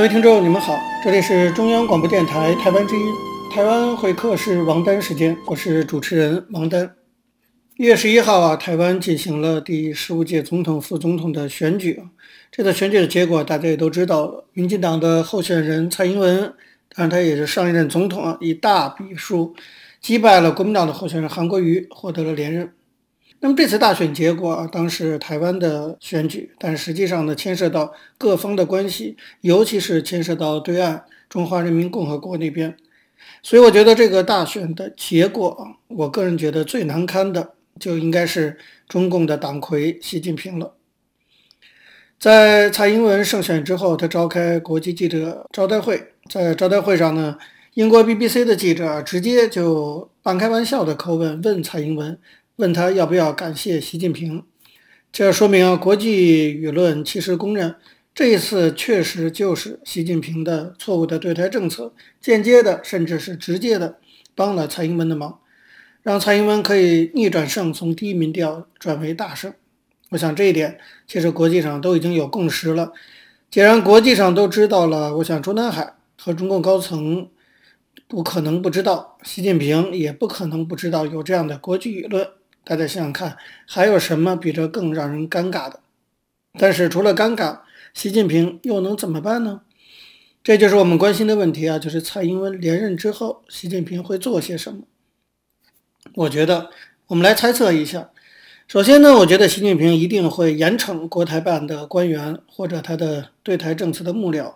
各位聽眾，你們好，這裡是中央廣播電臺台灣之音臺灣會客室王丹時間，我是主持人王丹。一月十一號啊，臺灣進行了第十五屆總統、副總統的選舉，這次、個、選舉的結果大家也都知道了，民進黨的候選人蔡英文，當然他也是上一任總統啊，以大比數擊敗了國民黨的候選人韓國瑜，獲得了連任。那麼這次大選結果啊，當時台灣的選舉，但實際上呢，牽涉到各方的關係，尤其是牽涉到對岸中華人民共和國那邊。所以我覺得這個大選的結果啊，我個人覺得最難堪的，就應該是中共的黨魁習近平了。在蔡英文勝選之後，他召開國際記者招待會，在招待會上呢，英國 BBC 的記者直接就半開玩笑的口吻問，問蔡英文。問他要不要感謝習近平？這說明啊，國際輿論其實公認，這一次確實就是習近平的錯誤的對台政策，間接的甚至是直接的幫了蔡英文的忙，讓蔡英文可以逆轉勝，從低民調轉為大勝。我想這一點其實國際上都已經有共識了。既然國際上都知道了，我想中南海和中共高層不可能不知道，習近平也不可能不知道有這樣的國際輿論。大家想想看，還有什麼比這更讓人尷尬的？但是除了尷尬，習近平又能怎麼辦呢？這就是我們關心的問題啊，就是蔡英文連任之後，習近平會做些什麼？我覺得，我們來猜測一下。首先呢，我覺得習近平一定會嚴懲國台辦的官員或者他的對台政策的幕僚。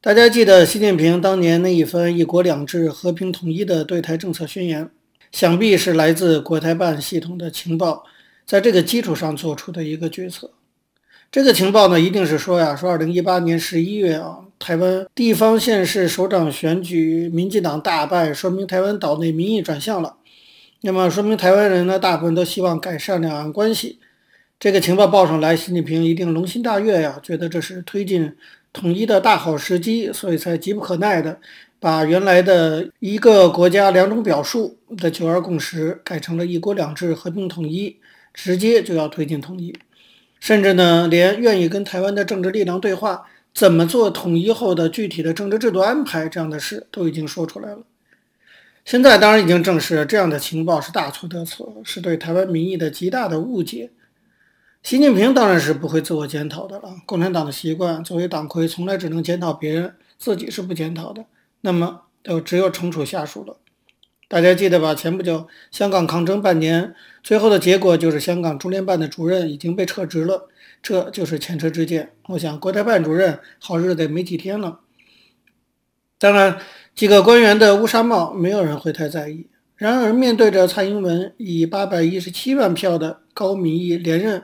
大家記得習近平當年那一番“一國兩制、和平統一”的對台政策宣言。想必是來自國台辦系統的情報，在這個基礎上做出的一個決策。這個情報呢，一定是說呀，說二零一八年十一月啊，台灣地方縣市首長選舉，民進黨大敗，說明台灣島內民意轉向了。那麼，說明台灣人呢，大部分都希望改善兩岸關係。這個情報報上來，習近平一定龍心大悅呀，覺得這是推進統一的大好時機，所以才急不可耐的。把原來的一個國家兩種表述的九二共識改成了一國兩制和平統一，直接就要推進統一，甚至呢，連願意跟台灣的政治力量對話，怎麼做統一後的具體的政治制度安排這樣的事都已經說出來了。現在當然已經證實，這樣的情報是大錯特錯，是對台灣民意的極大的誤解。習近平當然是不會自我檢討的了，共產黨的習慣，作為黨魁，從來只能檢討別人，自己是不檢討的。那麼就只有懲處下屬了，大家記得吧？前不久香港抗爭半年，最後的結果就是香港中聯辦的主任已經被撤職了，這就是前車之鑑。我想國台辦主任好日子也沒幾天了。當然，幾個官員的烏紗帽，沒有人會太在意。然而，面對着蔡英文以八百一十七萬票的高民意連任，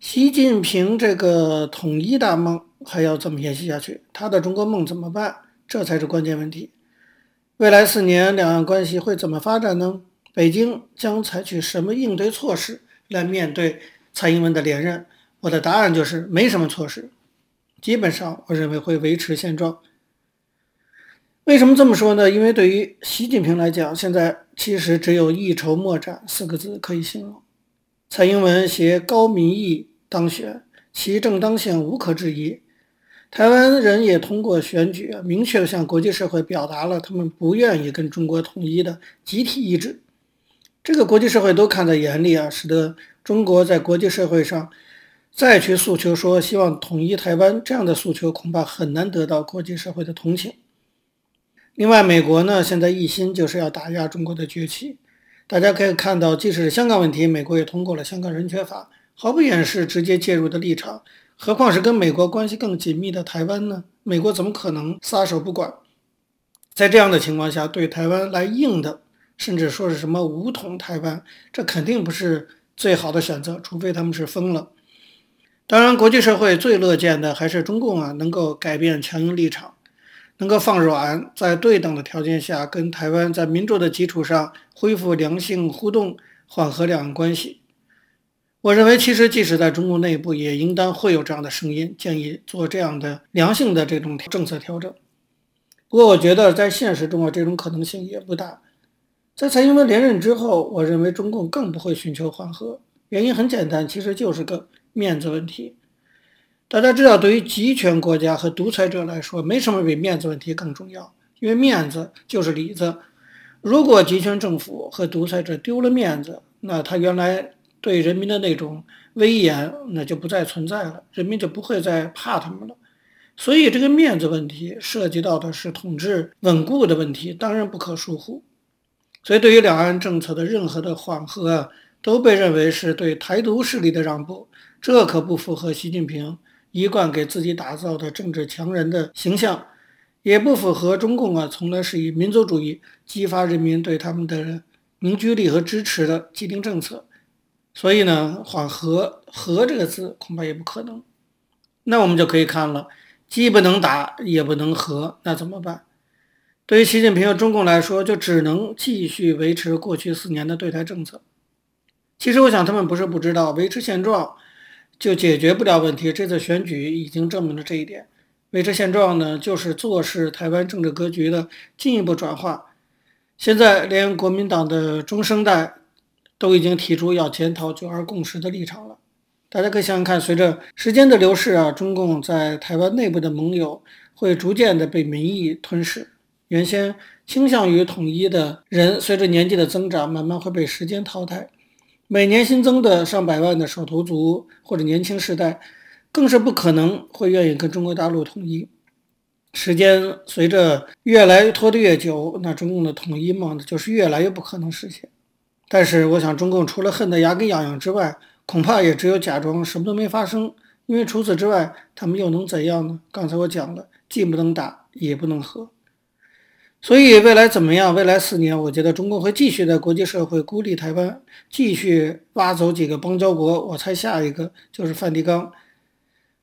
習近平這個統一大夢還要這麼延續下去？他的中國夢怎麼辦？這才是關鍵問題。未來四年兩岸關係會怎麼發展呢？北京將採取什麼應對措施來面對蔡英文的連任？我的答案就是沒什麼措施，基本上我認為會維持現狀。為什麼這麼說呢？因為對於習近平來講，現在其實只有一籌莫展四個字可以形容。蔡英文攜高民意當選，其正當性無可置疑。台灣人也通過選舉，明確地向國際社會表達了他們不願意跟中國統一的集體意志。這個國際社會都看在眼裡啊，使得中國在國際社會上再去訴求說希望統一台灣這樣的訴求，恐怕很難得到國際社會的同情。另外，美國呢，現在一心就是要打壓中國的崛起。大家可以看到，即使是香港問題，美國也通過了香港人權法，毫不掩飾直接介入的立場。何況是跟美國關係更緊密的台灣呢？美國怎麼可能撒手不管？在這樣的情況下，對台灣來硬的，甚至說是什麼武統台灣，這肯定不是最好的選擇，除非他們是瘋了。當然，國際社會最樂見的還是中共啊，能夠改變強硬立場，能夠放軟，在對等的條件下，跟台灣在民主的基礎上恢復良性互動，緩和兩岸關係。我認為，其實即使在中國內部，也應當會有這樣的聲音，建議做這樣的良性的這種政策調整。不過，我覺得在現實中啊，這種可能性也不大。在蔡英文連任之後，我認為中共更不會尋求緩和。原因很簡單，其實就是個面子問題。大家知道，對於集權國家和獨裁者來說，沒什麼比面子問題更重要，因為面子就是裡子。如果集權政府和獨裁者丟了面子，那他原來，對人民的那種威嚴，那就不再存在了，人民就不會再怕他們了。所以，這個面子問題涉及到的是統治穩固的問題，當然不可疏忽。所以，對於兩岸政策的任何的緩和，啊，都被認為是對台獨勢力的讓步，這可不符合習近平一貫給自己打造的政治強人的形象，也不符合中共啊，從來是以民族主義激發人民對他們的凝聚力和支持的既定政策。所以呢，緩和和這個字恐怕也不可能。那我們就可以看了，既不能打，也不能和，那怎麼辦？對於習近平和中共來說，就只能繼續維持過去四年的對台政策。其實我想，他們不是不知道，維持現狀就解決不了問題。這次選舉已經證明了這一點。維持現狀呢，就是坐視台灣政治格局的進一步轉化。現在連國民黨的中生代。都已經提出要檢討九二共識的立場了。大家可以想想看，隨着時間的流逝啊，中共在台灣內部的盟友會逐漸的被民意吞噬。原先傾向於統一的人，隨着年紀的增長，慢慢會被時間淘汰。每年新增的上百萬的首投族或者年輕世代，更是不可能會願意跟中國大陸統一。時間隨着越來越拖得越久，那中共的統一夢就是越來越不可能實現。但是，我想中共除了恨得牙根癢癢之外，恐怕也只有假裝什麼都沒發生，因為除此之外，他們又能怎樣呢？剛才我講了，既不能打，也不能和，所以未來怎麼樣？未來四年，我覺得中共會繼續在國際社會孤立台灣，繼續挖走幾個邦交國。我猜下一個就是梵蒂岡。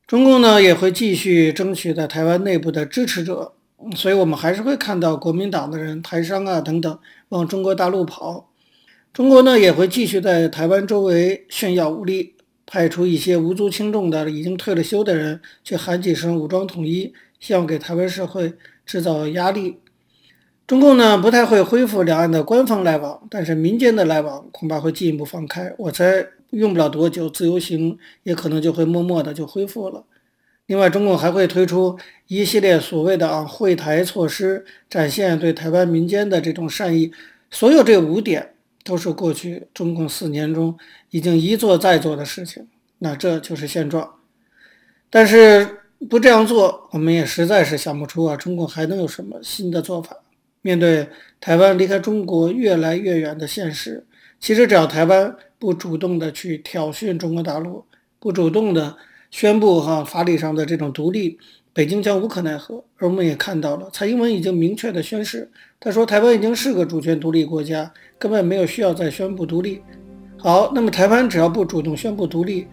中共呢，也會繼續爭取在台灣內部的支持者，所以我們還是會看到國民黨的人、台商啊等等往中國大陸跑。中國呢，也會繼續在台灣周圍炫耀武力，派出一些無足輕重的、已經退了休的人去喊幾聲“武裝統一”，希望給台灣社會製造壓力。中共呢，不太會恢復兩岸的官方來往，但是民間的來往恐怕會進一步放開。我猜用不了多久，自由行也可能就會默默的就恢復了。另外，中共還會推出一系列所謂的“啊”惠台措施，展現對台灣民間的這種善意。所有這五點。都是過去中共四年中已經一做再做的事情，那這就是現狀。但是不這樣做，我們也實在是想不出啊，中共還能有什麼新的做法？面對台灣離開中國越來越遠的現實，其實只要台灣不主動的去挑釁中國大陸，不主動的宣佈哈法理上的這種獨立，北京將無可奈何。而我們也看到了，蔡英文已經明確的宣示。他說：“台灣已經是個主權獨立國家，根本沒有需要再宣布獨立。好，那麼台灣只要不主動宣布獨立，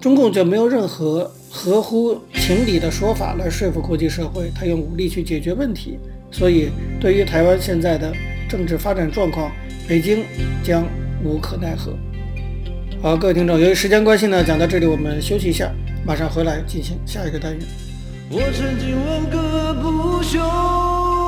中共就沒有任何合乎情理的說法來說服國際社會，他用武力去解決問題。所以，對於台灣現在的政治發展狀況，北京將無可奈何。”好，各位聽眾，由於時間關係呢，講到這裡，我們休息一下，馬上回來進行下一個單元。我曾經問個不休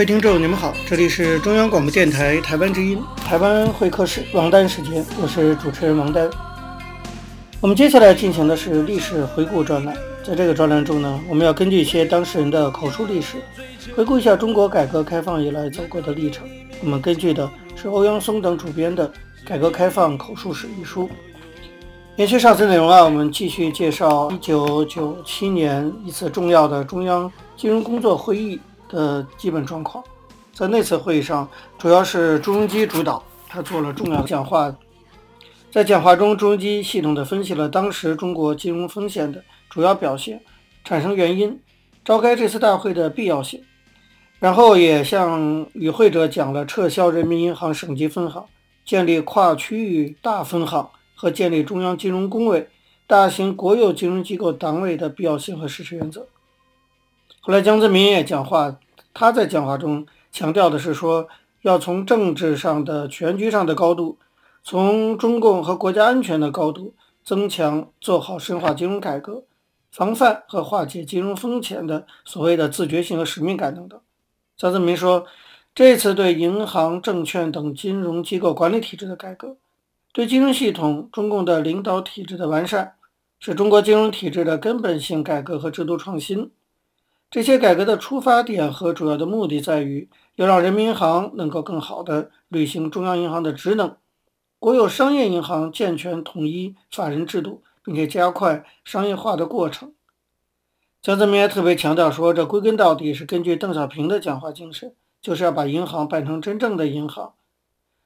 各位聽眾，你們好，這裡是中央廣播電台《台灣之音》台灣會客室王丹時間，我是主持人王丹。我們接下來進行的是歷史回顧專欄，在這個專欄中呢，我們要根據一些當事人的口述歷史，回顧一下中國改革開放以來走過的歷程。我們根據的是歐陽松等主編的《改革開放口述史》一書。延續上次內容啊，我們繼續介紹一九九七年一次重要的中央金融工作會議。的基本狀況，在那次會議上，主要是朱鎔基主導，他做了重要講話。在講話中，朱鎔基系統地分析了當時中國金融風險的主要表現、產生原因，召開這次大會的必要性，然後也向與會者講了撤銷人民銀行省級分行、建立跨區域大分行和建立中央金融工委、大型國有金融機構黨委的必要性和實施原則。後來，江澤民也講話，他在講話中強調的是說，要從政治上的、全局上的高度，從中共和國家安全的高度，增強做好深化金融改革、防範和化解金融風險的所謂的自覺性和使命感等等。江澤民說，這次對銀行、證券等金融機構管理體制的改革，對金融系統中共的領導體制的完善，是中國金融體制的根本性改革和制度創新。這些改革的出發點和主要的目的在於，要讓人民銀行能夠更好地履行中央銀行的職能，國有商業銀行健全統一法人制度，並且加快商業化的過程。江澤民還特別強調說，這歸根到底是根據鄧小平的講話精神，就是要把銀行辦成真正的銀行。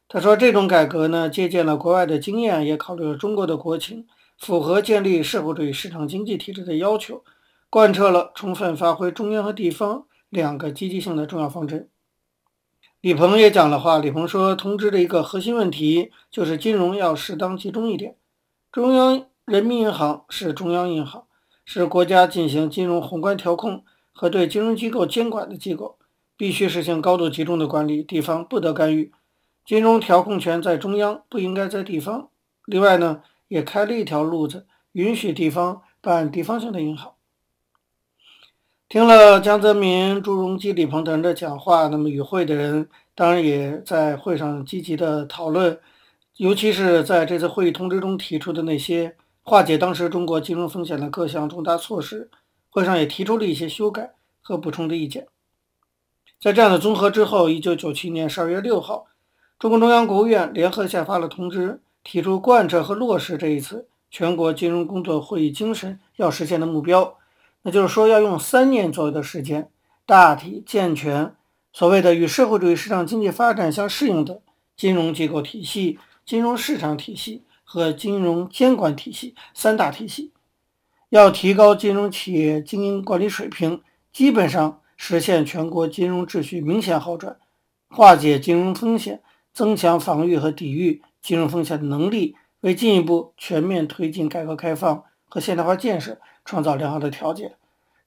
他說，這種改革呢，借鑑了國外的經驗，也考慮了中國的國情，符合建立社會主義市場經濟體制的要求。貫徹了充分發揮中央和地方兩個積極性的重要方針。李鵬也講了話，李鵬說，通知的一個核心問題就是金融要適當集中一點。中央人民銀行是中央銀行，是國家進行金融宏觀調控和對金融機構監管的機構，必須實行高度集中的管理，地方不得干預。金融調控權在中央，不應該在地方。另外呢，也開了一條路子，允許地方辦地方性的銀行。聽了江澤民、朱鎔基、李鵬等人的講話，那麼與會的人當然也在會上積極的討論，尤其是在這次會議通知中提出的那些化解當時中國金融風險的各項重大措施，會上也提出了一些修改和補充的意見。在這樣的綜合之後，一九九七年十二月六號，中共中央、國務院聯合下發了通知，提出貫徹和落實這一次全國金融工作會議精神要實現的目標。那就是說，要用三年左右的時間，大體健全所謂的與社會主義市場經濟發展相適應的金融機構體系、金融市場體系和金融監管體系三大體系；要提高金融企業經營管理水平，基本上實現全國金融秩序明顯好轉，化解金融風險，增強防御和抵御金融風險的能力，為進一步全面推進改革開放和現代化建設。創造良好的條件，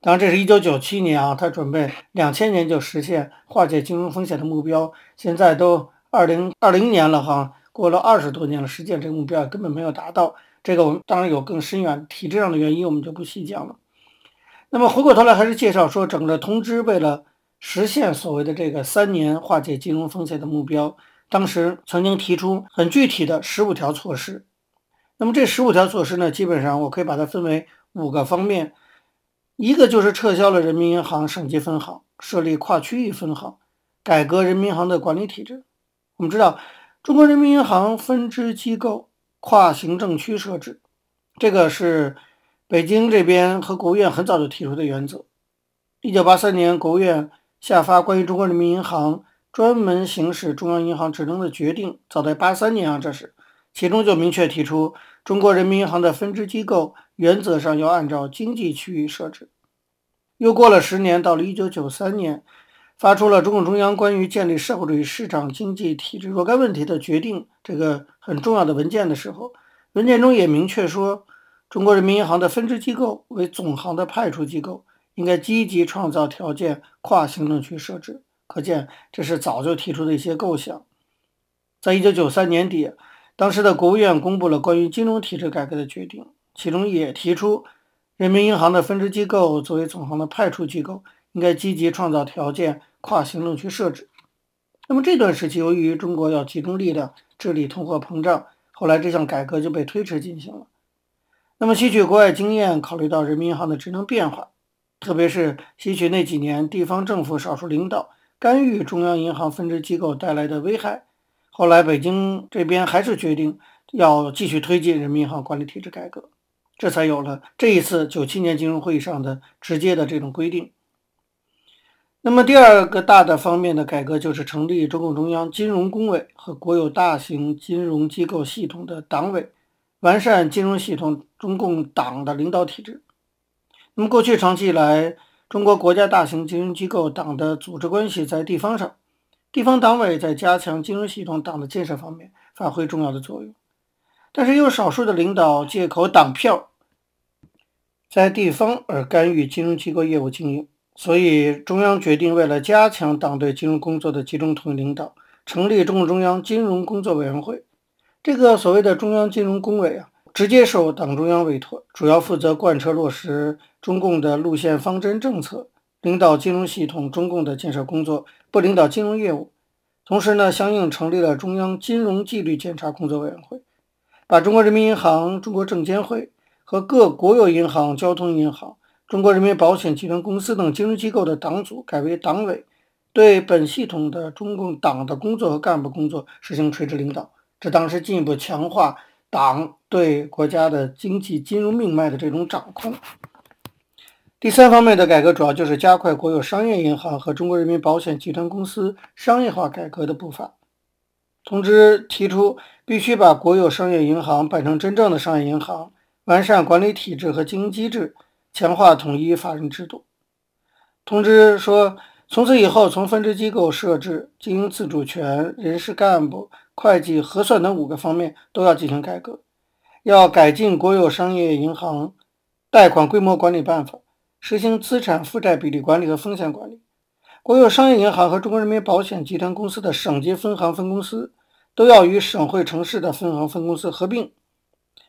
當然，這是一九九七年啊，他準備兩千年就實現化解金融風險的目標，現在都二零二零年了哈、啊，過了二十多年了，實現這個目標根本沒有達到。這個我們當然有更深遠體制上的原因，我們就不細講了。那麼回過頭來還是介紹說，整個通知為了實現所謂的這個三年化解金融風險的目標，當時曾經提出很具體的十五條措施。那麼這十五條措施呢，基本上我可以把它分為。五個方面，一個就是撤銷了人民銀行省級分行，設立跨區域分行，改革人民銀行的管理體制。我們知道，中國人民銀行分支機構跨行政區設置，這個是北京這邊和國務院很早就提出的原則。一九八三年，國務院下發關於中國人民銀行專門行使中央銀行職能的決定，早在八三年啊，這是其中就明確提出。中國人民銀行的分支機構原則上要按照經濟區域設置。又過了十年，到了一九九三年，發出了中共中央關於建立社會主義市場經濟體制若干問題的決定，這個很重要的文件的時候，文件中也明確說，中國人民銀行的分支機構為總行的派出機構，應該積極創造條件跨行政區設置。可見，這是早就提出的一些構想。在一九九三年底，當時的國務院公布了關於金融體制改革的決定，其中也提出，人民銀行的分支機構作為總行的派出機構，應該積極創造條件跨行政區設置。那麼這段時期，由於中國要集中力量治理通貨膨脹，後來這項改革就被推遲進行了。那麼吸取國外經驗，考慮到人民銀行的職能變化，特別是吸取那幾年地方政府少數領導干預中央銀行分支機構帶來的危害。後來，北京這邊還是決定要繼續推進人民銀行管理體制改革，這才有了這一次九七年金融會議上的直接的這種規定。那麼，第二個大的方面的改革就是成立中共中央金融工委和國有大型金融機構系統的黨委，完善金融系統中共黨的領導體制。那麼，過去長期以來，中國國家大型金融機構黨的組織關係在地方上。地方黨委在加強金融系統黨的建設方面發揮重要的作用，但是有少數的領導借口黨票，在地方而干預金融機構業務經營，所以中央決定，為了加強黨對金融工作的集中統一領導，成立中共中央金融工作委員會。這個所謂的中央金融工委啊，直接受黨中央委托，主要負責貫徹落實中共的路線方針政策，領導金融系統中共的建設工作。不領導金融業務，同時呢，相應成立了中央金融紀律檢查工作委員會，把中國人民銀行、中國證監會和各國有銀行、交通銀行、中國人民保險集團公司等金融機構的黨組改為黨委，對本系統的中共黨的工作和幹部工作實行垂直領導，這當時進一步強化黨對國家的經濟金融命脈的這種掌控。第三方面的改革主要就是加快國有商業銀行和中國人民保險集團公司商業化改革的步伐。通知提出，必須把國有商業銀行辦成真正的商業銀行，完善管理體制和經營機制，強化統一法人制度。通知說，從此以後，從分支機構設置、經營自主權、人事幹部、會計核算等五個方面都要進行改革，要改進國有商業銀行貸款規模管理辦法。實行資產負債比例管理和風險管理，國有商業銀行和中國人民保險集團公司的省級分行、分公司都要與省會城市的分行、分公司合併。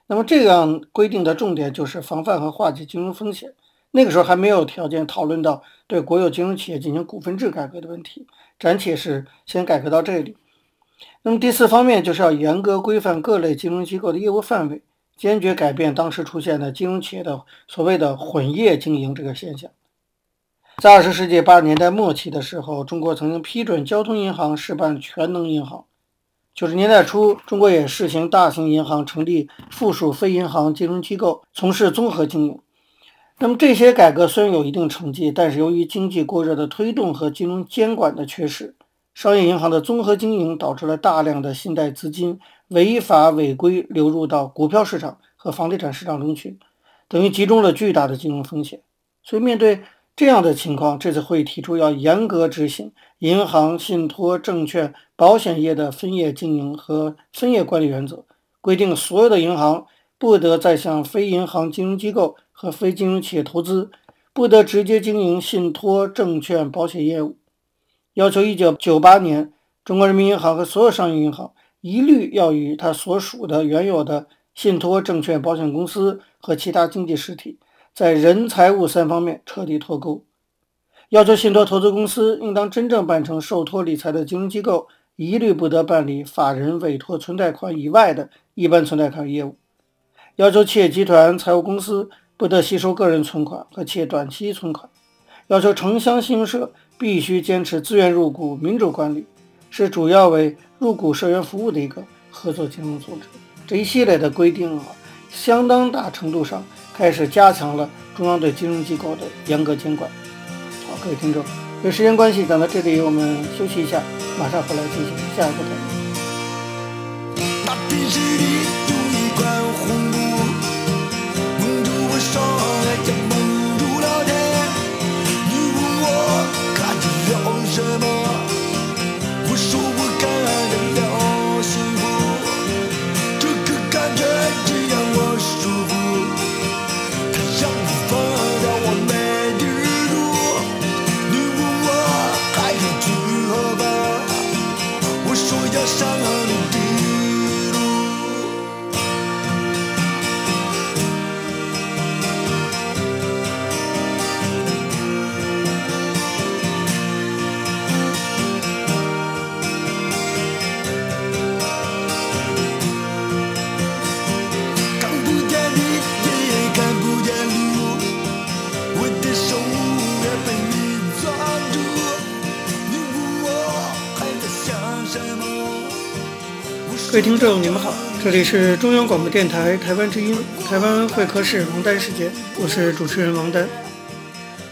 那麼，這樣規定的重點就是防範和化解金融風險。那個時候還沒有條件討論到對國有金融企業進行股份制改革的問題，暫且是先改革到這裡。那麼，第四方面就是要嚴格規範各類金融機構的業務範圍。堅決改變當時出現的金融企業的所謂的混業經營這個現象。在二十世紀八十年代末期的時候，中國曾經批准交通銀行試辦全能銀行。九十年代初，中國也試行大型銀行成立附屬非銀行金融機構，從事綜合經營。那麼這些改革雖然有一定成績，但是由於經濟過熱的推動和金融監管的缺失，商業銀行的綜合經營導致了大量的信貸資金。違法違規流入到股票市場和房地產市場中去，等於集中了巨大的金融風險。所以，面對這樣的情況，這次會議提出要嚴格執行銀行、信托、證券、保險業的分業經營和分業管理原則，規定所有的銀行不得再向非銀行金融機構和非金融企業投資，不得直接經營信托、證券、保險業務，要求一九九八年中國人民銀行和所有商業銀行，一律要與它所屬的原有的信託、證券、保險公司和其他經濟實體，在人、財物三方面徹底脫鈎。要求信託投資公司應當真正辦成受托理財的金融機構，一律不得辦理法人委托存貸款以外的一般存貸款業務。要求企業集團財務公司不得吸收個人存款和企業短期存款。要求城鄉信用社必須堅持自願入股、民主管理。是主要為入股社員服務的一個合作金融組織。這一系列的規定啊，相當大程度上開始加強了中央對金融機構的嚴格監管。好，各位聽眾，有時間關係講到這裡，我們休息一下，馬上回來進行下一個內各位聽眾，你們好，這裡是中央廣播電台《台灣之音》《台灣會客室》王丹時間，我是主持人王丹。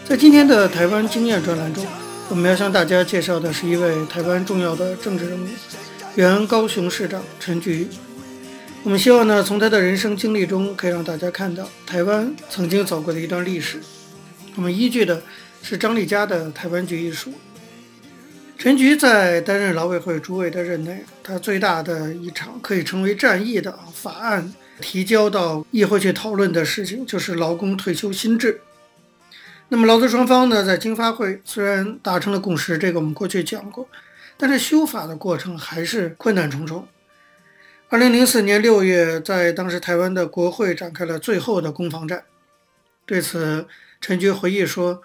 在今天的《台灣經驗》專欄中，我們要向大家介紹的是一位台灣重要的政治人物，原高雄市長陳菊。我們希望呢，從他的人生經歷中，可以讓大家看到台灣曾經走過的一段歷史。我們依據的是張麗佳的《台灣局》一書。陳菊在擔任勞委會主委的任內，她最大的一場可以稱為戰役的法案提交到議會去討論的事情，就是勞工退休新制。那麼勞資雙方呢，在經發會雖然達成了共識，這個我們過去講過，但是修法的過程還是困難重重。二零零四年六月，在當時台灣的國會展開了最後的攻防戰。對此，陳菊回憶說：“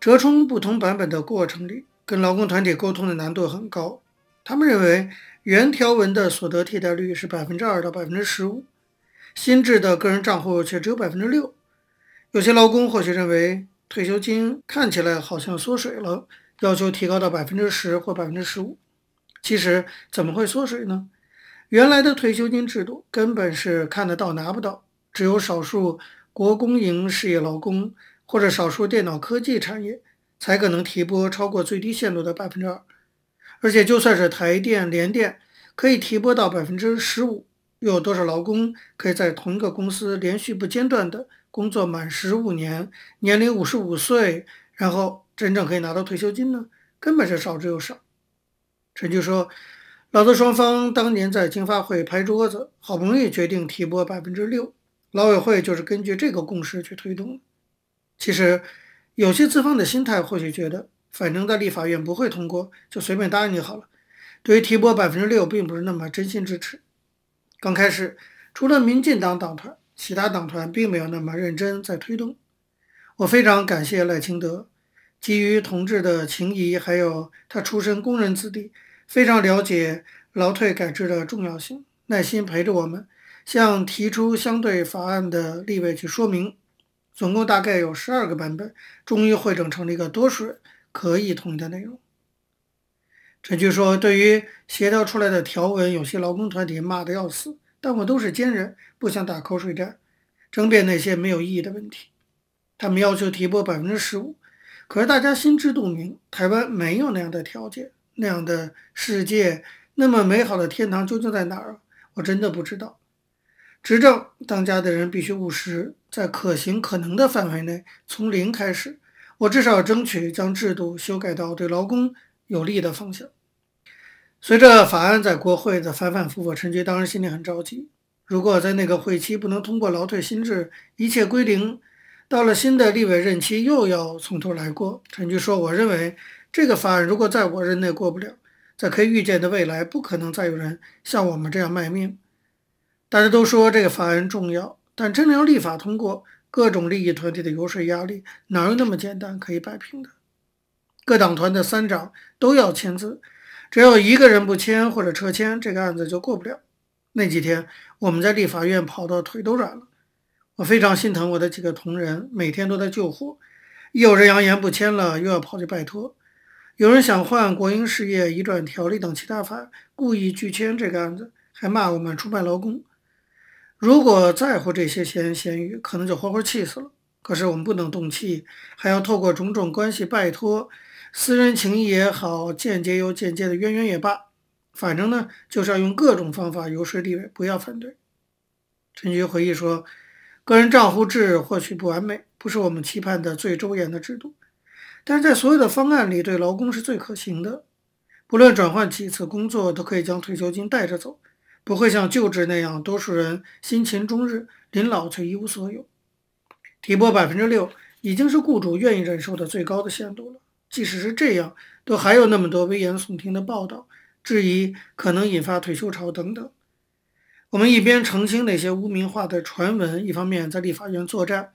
折衝不同版本的過程裡。”跟勞工團體溝通的難度很高，他們認為原條文的所得替代率是百分之二到百分之十五，新制的個人賬戶卻只有百分之六。有些勞工或許認為退休金看起來好像縮水了，要求提高到百分之十或百分之十五。其實怎麼會縮水呢？原來的退休金制度根本是看得到拿不到，只有少數國工營國公營事業勞工或者少數電腦科技產業。才可能提撥超過最低限度的百分之二，而且就算是台電、聯電可以提撥到百分之十五，又有多少勞工可以在同一個公司連續不間斷的工作滿十五年，年齡五十五歲，然後真正可以拿到退休金呢？根本是少之又少。陳局說，勞資雙方當年在經發會拍桌子，好不容易決定提撥百分之六，勞委會就是根據這個共識去推動。其實。有些資方的心態或許覺得，反正在立法院不會通過，就隨便答應就好了。對於提撥百分之六，並不是那麼真心支持。剛開始，除了民進黨黨團，其他黨團並沒有那麼認真在推動。我非常感謝賴清德，基於同志的情誼，還有他出身工人子弟，非常了解勞退改制的重要性，耐心陪着我們，向提出相對法案的立委去說明。總共大概有十二個版本，終於彙整成了一個多數人可以同意的內容。陳菊說：“對於協調出來的條文，有些勞工團體罵得要死，但我都是堅忍，不想打口水戰，爭辯那些沒有意義的問題。他們要求提撥百分之十五，可是大家心知肚明，台灣沒有那樣的條件，那樣的世界，那麼美好的天堂究竟在哪兒？我真的不知道。”執政當家的人必須務實，在可行可能的範圍內從零開始。我至少爭取將制度修改到對勞工有利的方向。隨着法案在國會的反反复复，陳菊當時心裡很着急。如果在那個會期不能通過勞退新制，一切歸零，到了新的立委任期又要從頭來過。陳菊說：“我認為這個法案如果在我任內過不了，在可以預見的未來不可能再有人像我們這樣賣命。”大家都說這個法案重要，但真要立法通過，各種利益團體的遊說壓力哪有那麼簡單可以擺平的？各黨團的三長都要簽字，只要一個人不簽或者撤簽，這個案子就過不了。那幾天我們在立法院跑得腿都軟了，我非常心疼我的幾個同仁，每天都在救火。有人揚言不簽了，又要跑去拜託；有人想換國營事業移轉條例等其他法，故意拒簽這個案子，還罵我們出賣勞工。如果在乎這些閒言閒語，可能就活活氣死了。可是我們不能動氣，還要透過種種關係拜托，私人情誼也好，間接又間接的淵源也罷，反正呢，就是要用各種方法遊說立委，不要反對。陳菊回憶說：“個人賬戶制或許不完美，不是我們期盼的最周延的制度，但是在所有的方案裡，對勞工是最可行的。不論轉換幾次工作，都可以將退休金帶着走。”不會像舊制那樣，多數人辛勤終日，臨老卻一無所有。提撥百分之六已經是雇主願意忍受的最高的限度了。即使是這樣，都還有那麼多危言聳聽的報道，質疑可能引發退休潮等等。我們一邊澄清那些污名化的傳聞，一方面在立法院作戰。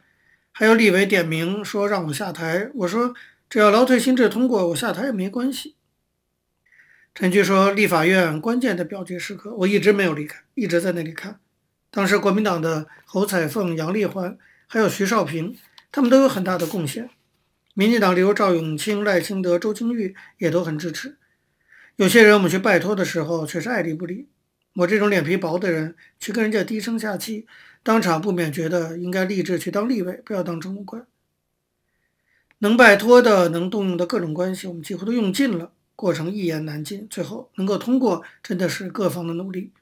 還有立委點名說讓我下台，我說只要勞退新制通過，我下台也沒關係。陳菊說：“立法院關鍵的表決時刻，我一直沒有離開，一直在那裡看。當時國民黨的侯彩鳳、楊麗環，還有徐少平，他們都有很大的貢獻。民進黨例如趙永清、賴清德、周清玉也都很支持。有些人我們去拜托的時候卻是愛理不理。我這種臉皮薄的人去跟人家低聲下氣，當場不免覺得應該立志去當立委，不要當政務官。能拜托的、能動用的各種關係，我們幾乎都用盡了。”過程一言難盡，最後能夠通過，真的是各方的努力。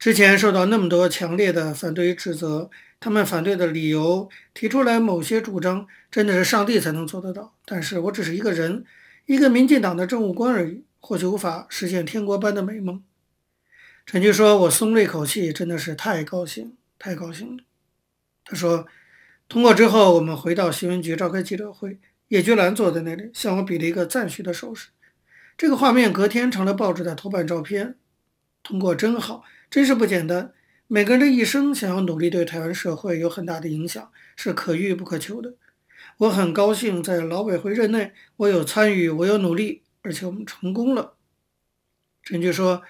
之前受到那麼多強烈的反對與指責，他們反對的理由提出來某些主張，真的是上帝才能做得到。但是我只是一個人，一個民進黨的政務官而已，或許無法實現天國般的美夢。陳菊說，我鬆了一口氣，真的是太高興，太高興了。他說，通過之後，我們回到新聞局召開記者會。葉菊蘭坐在那裡，向我比了一個讚許的手勢。這個畫面隔天成了報紙的頭版照片。通過真好，真是不簡單。每個人的一生想要努力對台灣社會有很大的影響，是可遇不可求的。我很高興在勞委會任內，我有參與，我有努力，而且我們成功了。陳菊說：“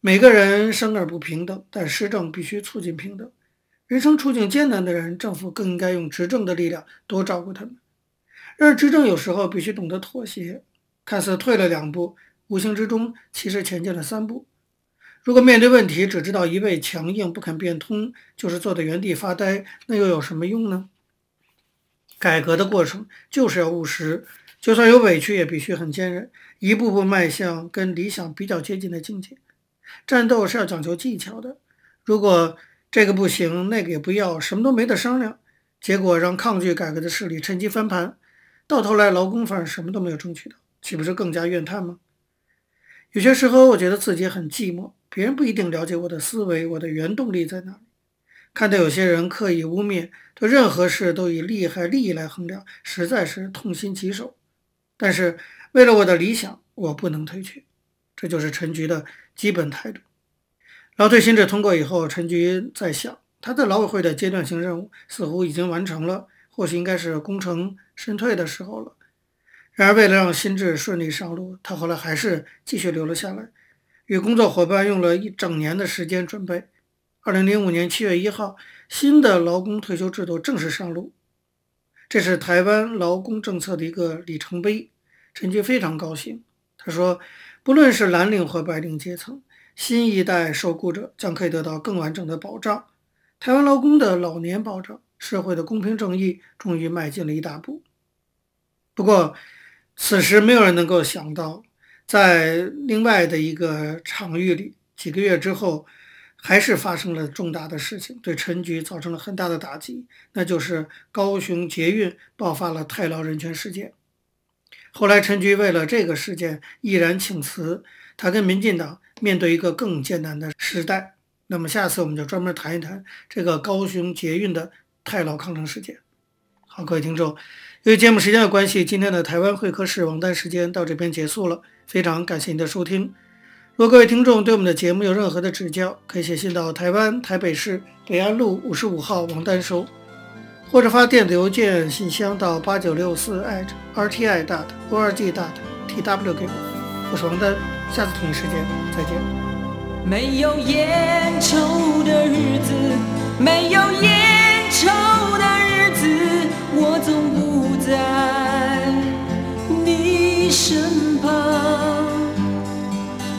每個人生而不平等，但施政必須促進平等。人生處境艱難的人，政府更應該用執政的力量多照顧他們。”而執政有時候必須懂得妥協，看似退了兩步，無形之中其實前進了三步。如果面對問題只知道一味強硬不肯變通，就是坐在原地發呆，那又有什麼用呢？改革的過程就是要務實，就算有委屈也必須很堅韌，一步步邁向跟理想比較接近的境界。戰鬥是要講究技巧的，如果這個不行，那個也不要，什麼都沒得商量，結果讓抗拒改革的勢力趁機翻盤。到頭來，勞工反而什麼都沒有爭取到，豈不是更加怨嘆嗎？有些時候，我覺得自己很寂寞，別人不一定了解我的思維，我的原動力在哪裡。看到有些人刻意污衊，對任何事都以利害利益來衡量，實在是痛心疾首。但是，為了我的理想，我不能退卻。這就是陳菊的基本態度。勞退新制通過以後，陳菊在想，他在勞委會的階段性任務似乎已經完成了。或許應該是功成身退的時候了，然而為了讓新制順利上路，他後來還是繼續留了下來，與工作夥伴用了一整年的時間準備。二零零五年七月一號，新的勞工退休制度正式上路，這是台灣勞工政策的一個里程碑。陳菊非常高興，他說：“不論是藍領和白領階層，新一代受僱者將可以得到更完整的保障，台灣勞工的老年保障。”社會的公平正義終於邁進了一大步。不過，此時沒有人能夠想到，在另外的一個場域裡，幾個月之後，還是發生了重大的事情，對陳菊造成了很大的打擊，那就是高雄捷運爆發了泰勞人權事件。後來，陳菊為了這個事件毅然請辭，他跟民進黨面對一個更艱難的時代。那麼，下次我們就專門談一談這個高雄捷運的。太老康成事件。好，各位聽眾，由於節目時間的關係，今天的台灣會客室王丹時間到這邊結束了，非常感謝您的收聽。如果各位聽眾對我們的節目有任何的指教，可以寫信到台灣台北市北安路五十五號王丹收，或者發電子郵件信箱到八九六四艾特 rti dot org dot tw 給我。我是王丹，下次同一時間再見。沒有煙抽的日子，沒有煙。愁的日子，我總不在你身旁，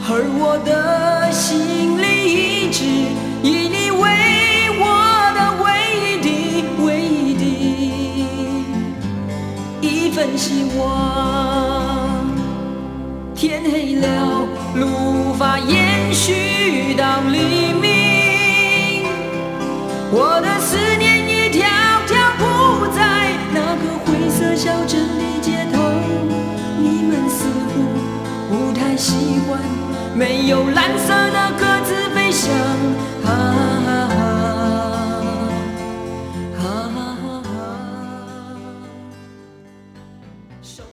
而我的心裡一直以你為我的唯一的、唯一的，一份希望。天黑了，路無法延續到黎明，我的思。小鎮的街頭，你們似乎不太習慣沒有藍色的鴿子飛翔啊。